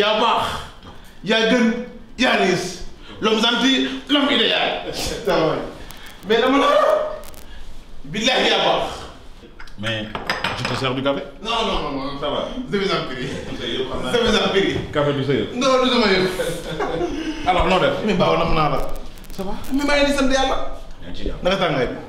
yaa baax yaa gën yaa riis l'homme gentil l'homme idéal mais dama la billahi yaa baax mais je te sers du café non non non ça va demis en prix demis en prix café du sa yëf non du sama yëf alors noo def mais baaw nam naa la ça va mais maa ngi di sant yàlla na nga tàngaay bi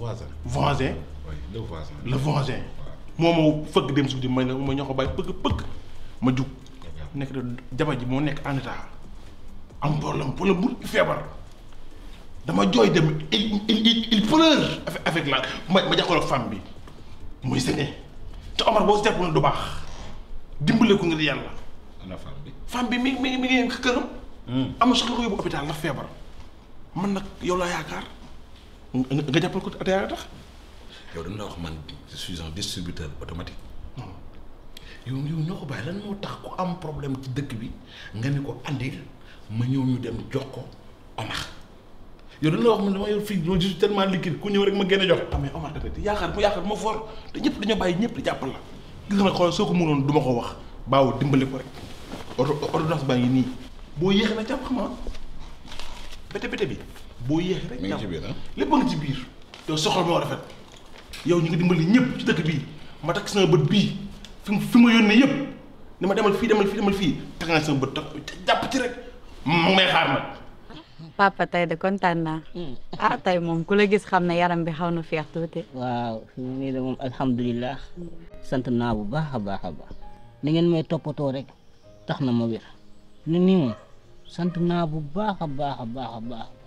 voisin. voisin. oui le voisin. le voisin. waaw moom moo fëgg dem suuf di may na ma ñoo ko bàyyi pëgg pëgg ma jug. nekk da jaba ji mo nek en état am problème problème bu feebar dama joy dem il il il pleure avec la ma ma jàkkaarloog femme bi muy séné te Omar bo seetlu na du baax dimbale ko ngir yalla ana femme bi. femme bi mi mi mi ngi këram. amul soxla ko yóbbu hôpital ndax feebar man nak yow la yaakaar. nga jàppal ko ataaya tax yow dañ la wax man je suis un distributeur automatique yow yow ñoo ko bàyyi lan moo tax am problème ci dëkk bi nga ni ko andil ma ñëw ñu dem jox ko Omar yow dañ la wax man dama yor fii je suis tellement liquide ku ñëw rek ma jox ah, Omar tamit yaakaar mu yaakaar ma fort te ñëpp dañoo bàyyi ñëpp di jàppal la gis nga xool soo ko mënoon du ma ko wax baaw dimbali ko rek ordonnance boo yéex rek mi ngi ci biir ah. lépp nga ci biir yow soxla moo rafet yow ñu ngi dimbali ñëpp ci dëkk bii ma takk sama bët bii fi fi ma yónnee yëpp ni ma demal fii demal fii demal fii takk sama bët jàpp ci rek mu may xaar nag papa tey de kontaan naa hmm. ah tey moom ku la gis xam ne yaram bi xaw na feex tuuti waaw nii de moom alhamdulilah sant naa bu baax a baax ni ngeen may toppatoo rek tax ma wér ni nii moom sant naa bu baax a baax a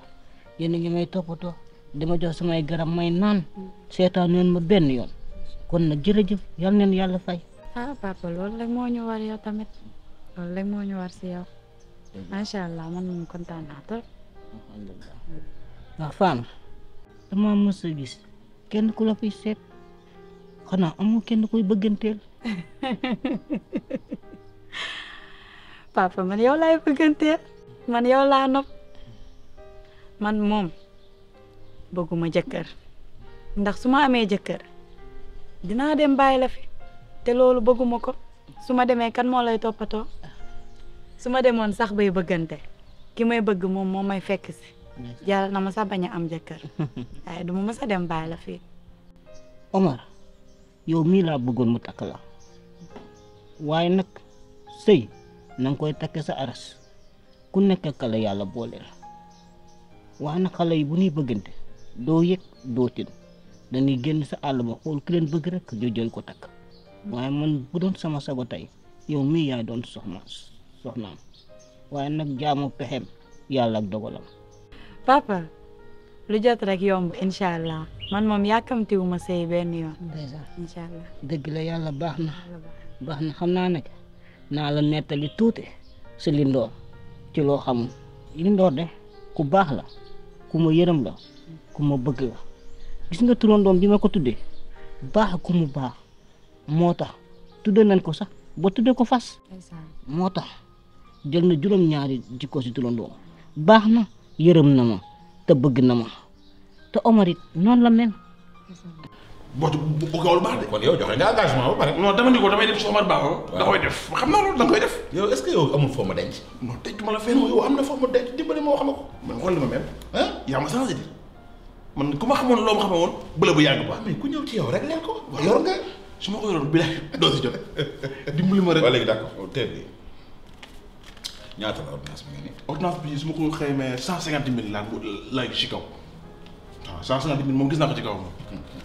yéen a ngi may toppatoo dama jox samay garab may naan seetaan neen ma benn yoon kon nag jërëjëf yal neen yàlla fay. ah papa loolu rek moo ñu war yow tamit loolu rek moo ñu war si yow allah man moom kontaan naa trop. alhamdulilah ndax ah, Fane dama kenn ku la fiy seet xanaa amul kenn kuy bëgganteel. papa man yow laay bëgganteel man yow laa man mom bëgguma jëkkër ndax suma amé amee jëkkër dinaa dem bàyyi la fi té loolu bëgguma ko suma démé kan mo lay topato suma démon sax bay bëggante ki may bëgg mom mo may fekk ci yàlla na ma sa baña am jëkkër ay duma ma sa dem la Omar yo mi la Wainak mu takk la waye nak sey nang koy takke sa aras ku nekk kala yalla bolé la waaye na xale yi bu ñuy bëggante doo yëg doo tin dañuy génn sa àll ba xool bëgg rek ñu ko takk waaye man bu doon sama sago tey yow mii yaay doon soxna soxnaam waaye nag jaamu pexem yàlla ak dogalam. papa lu jot rek yomb incha allah man moom yàkkamti wu ma sëy benn yoon. incha dëgg la yàlla baax na. baax na xam naa nag naa la nettali tuuti si loo xam Lindor ku baax la. ku ma yërëm la ku ma bëgg la gis nga turandoom bi ma ko tuddee baax ku mu baax moo tax tudde nañ ko sax ba tudde ko fas moo tax jël na juróom-ñaari jikko si turandoom baax na yërëm na ma te bëgg na ma te Omar wax bu bu gawul baax de. kon yow joxe nga engagement ba pare. non dama ni ko damay def xam naa loolu da koy def. ma denc. non denc am na foo ma denc dimbali ma wax ma ko. man xool li ma mel. ah yaa ma changé di ku ma xamoon loo ma xamoon bële bu yàgg ba mais ko. waaw yor ko yoroon bi la doo si jot dimbali ma rek. waaw léegi d'accord teel bi ñaata la ordonnance bi su ma ko xaymaa cent cinquante mille laa laa ci kaw. waaw cent cinquante mille moom gis naa ko ci kaw moom.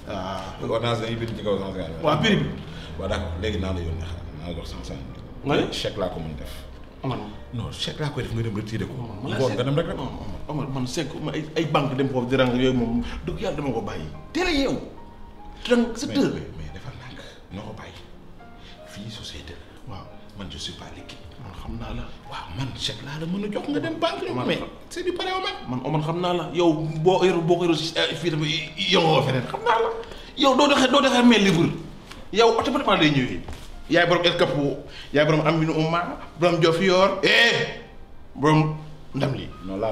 Ah. waaw ordonnance dañuy bind ci léegi naa la yónnee xaaral naa la jox cent cinquante mille. nga ne chèque laa ko mën def. Omar non chèque laa koy man nga ma ay ay banque dem foofu di rang yooyu moom dëgg yàlla dama ko bàyyi. teel a yeewu. donc sa dër mais mais dafa nàkk noo ko bàyyi fii société waaw man je suis pas man xam naa la waaw man chèque laa la mën a jox nga dem banque ñu mais c'est du pareil man xam naa la yow boo yoroo boo ko yoroo eh, fii dafa eh, yow doo doxee doo doxee mel livre yow automatiquement ma la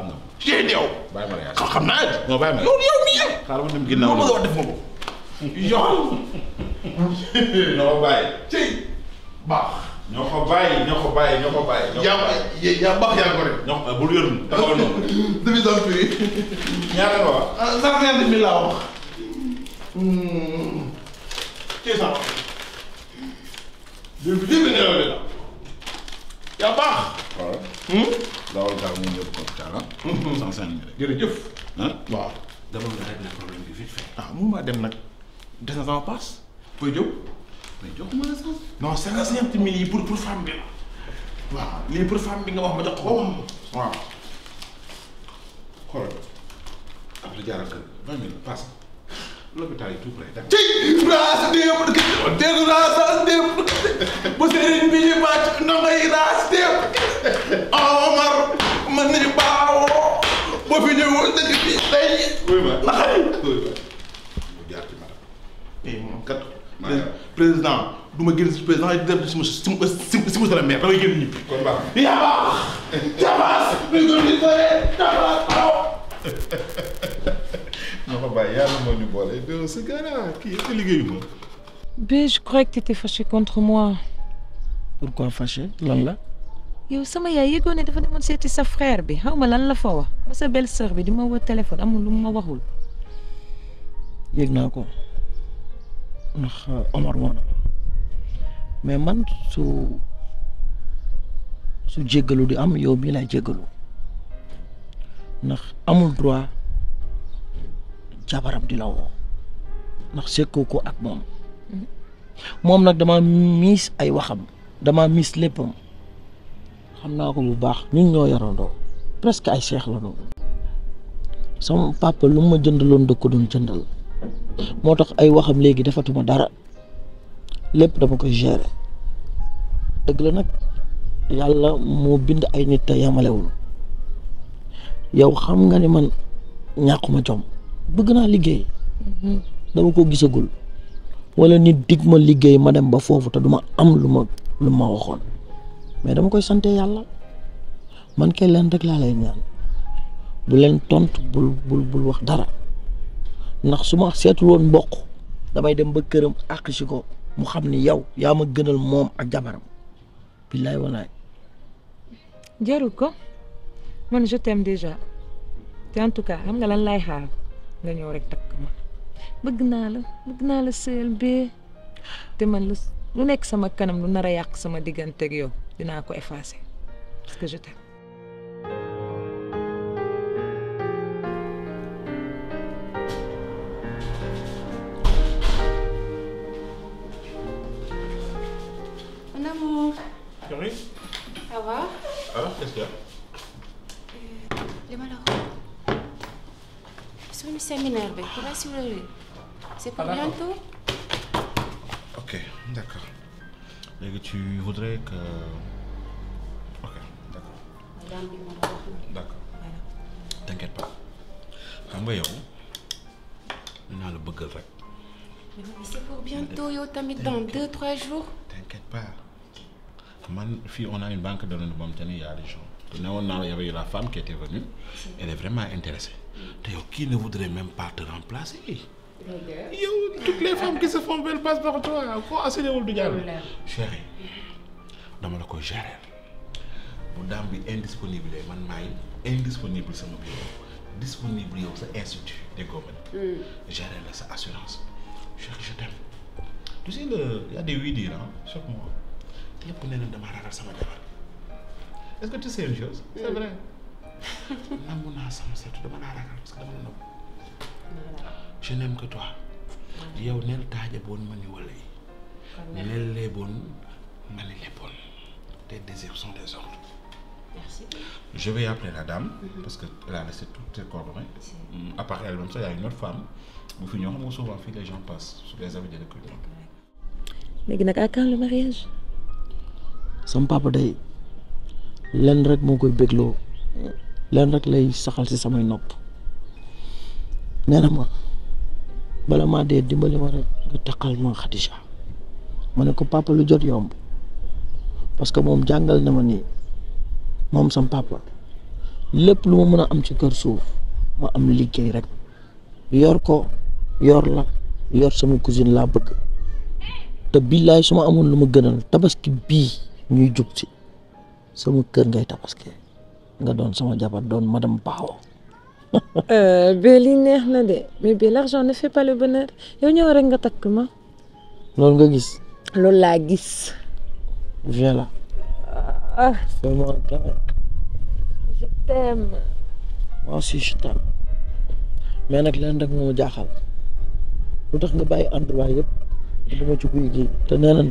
yàlla xam naa la. non baax. ñoo ko bàyyi ñoo ko bàyyi ñoo ko bàyyi. yaa yaa baax yaa gore. ñoo ko bul yor taxawal noonu. demi nga wax. ah laa wax. six cent. dégg nga dégg nga loolu la. yaa baax. waaw. dawal nga régler ah, nag des na sama paas. koy jëw. mais joxuma la sax. non cinquante mille bi la. waaw lii pour wax ma jox ko. waaw xoolal Abdou Diarra kër vingt mille passe l'hôpital yi tout près dem. ci raas démb dégg raas démb bu sëriñ bi ñu bàcc ndongoy raas Omar man nañu baawoo ba fi ñëwoon dëkk bi tey. wuy ma naxay. ma mu président du ma si président yi def si si si si monsieur le maire damay génn ñibbi. kon baax na yabaax. yabaax. ñu gën di sore yabaax aw. ma ko bàyyi yàlla moo ñu boole mais ce gars-là kii est liggéeyu ma. Bé je croyais que t'étais fâché contre moi. pourquoi fâché lan la. yow sama yaay yëgoon ne dafa demoon seeti sa frère bi xaw ma lan la fa wax ba sa belle-sœur bi di ma woo téléphone amul lu ma waxul. yëg naa ko. ndax Omar woon mais man su su jéggalu di am yow mi laay jéggalu ndax amul droit jabaram di lawo, woo nah, ndax koko ko ak mom mom nak dama mis ay waxam dama mis leppam xamna ko bu baax ñun ñoo yarando presque ay cheikh la do sama papa lu ma jëndalon de ko doon jëndal motax ay waxam legui defatuma dara lepp dama ko gérer deug la nak yalla mo bind ay nit yamale wul yow xam nga ni man ñakuma jom bëgg na liggéey mm-hmm. dama ko gisagul wala nit dig ma liggéey ma dem ba fofu ta duma am luma luma waxon mais dama koy santé yalla man kay leen rek la lay ñaan bu len tont bul bul bul wax dara ndax su ma seetul woon mboq damay dem ba këram àq ko mu xam ni yow yaa ma gënal moom ak jabaram billaay walaay. jarul ko man je t'aime te en tout cas xam nga lan laay xaar nga ñëw rek takk bëgg naa la bëgg naa la seel bee te man lu nekk sama kanam lu nar a yàq sama diggante ak yow dinaa ko effacer parce ou... Chérie Au revoir. Alors, qu'est-ce qu'il y a euh, Les malheureux. Sur le séminaire, pour assurer. C'est pour ah, bientôt Ok, d'accord. Et tu voudrais que... Ok, d'accord. D'accord. Voilà. T'inquiète pas. En voyant, on a le bëggal Mais c'est pour bientôt T'as mis dans 2-3 jours. T'inquiète pas man on a une banque de le boo il il y a des gens te y avait la femme qui était venue elle est vraiment intéressée mm. te Qui ne voudrait même pas te remplacer yo toutes les femmes qui se font belle passe par toi koo assuréwul du jàll chéri dama la koy gérer bu daam bi indisponible man maay indisponible sama bureau disponible au sa institut déggoo ma mm. gérer la sa assurance chéri je t'aime tu sais il y a des 8 dire chaque hein, mois est-ce que tu sais une chose. c'est vrai. Je naa sama parce que je n'aime que toi. yow neel taaja boon ma ni wala yi. neel lee boon ma bonne. tes désirs sont des ordres. Merci. Je vais appeler la dame, mm -hmm. parce qu'elle a laissé toutes ses coordonnées. Mm, à part elle-même, ça, il y a une autre femme. Vous finirez souvent, les gens passent, sur les avis de l'économie. Mais à quand le mariage sama day lenn rek moo koy bégloo lenn rek lay saxal si samay nopp nee na ma bala maa dee dimbali ma rek nga takkal ma Khadija ma ne ko papa lu jot yomb parce que moom jàngal na ma nii moom sama papa lépp lu ma mën a am ci kër suuf ma am liggéey rek yor ko yor la yor sama cousine laa bëgg te billaay su ma amoon lu ma gënal tabaski bii. ñuy jub ci sama kër ngay tabaske nga doon sama jabar doon madame Pao. Euh, bee li neex na de mais bi l'argent ne fait pas le bonheur yow ñëw rek nga takk ma. loolu nga gis. loolu laa gis. viens là. ah. fais-moi un câlin. je t'aime. moi aussi je t'aime. mais nak leen rek moma jaxal lutax nga bàyyi endroit yëpp dama ci guy gi te nee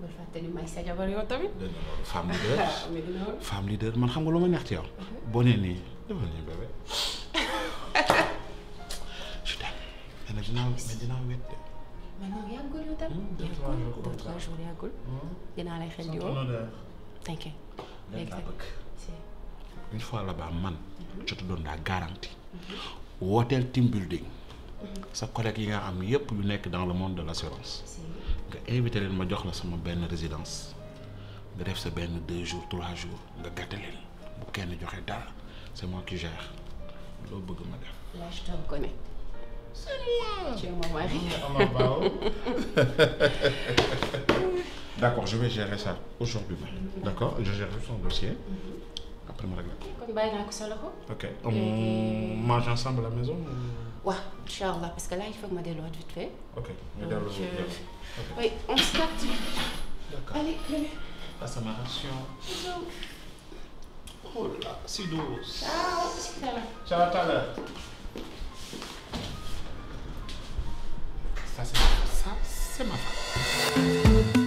bul fàttali may sa yow tamit. femme leader femme leader man xam nga lu neex ci yow. boo nee nii defal bébé. mais nag dinaa mais dinaa wet mais non yàggul yow tam. yàggul une fois là-bas man. je te donne la garantie. team building. Mm-hmm. sa collègue qui a mis yépp yu nekk dans le monde de l'assurance. nga invité leen ma jox la sama benn résidence nga def sa benn deux jours trois jours nga gàtte leen bu kenn joxe dara c'est moi qui gère loo bëgg ma def. là je te connais. c'est moi. tu es mon mari. d'accord je vais gérer ça aujourd'hui même. Mm-hmm. d'accord je gère son dossier. Mm-hmm. après ma réglé ko. kon bàyyi naa ko sa loxo. ok on mange ensemble à la maison waaw incha allah parce que là il faut que ma delluwaat vite fait. ok nga delluwaat vite oui on se capte. d'accord allez venez. Passe à ma ration. oh là c'est doux. ciao. c'est tout ciao Talla. ça c'est ça c'est ma femme.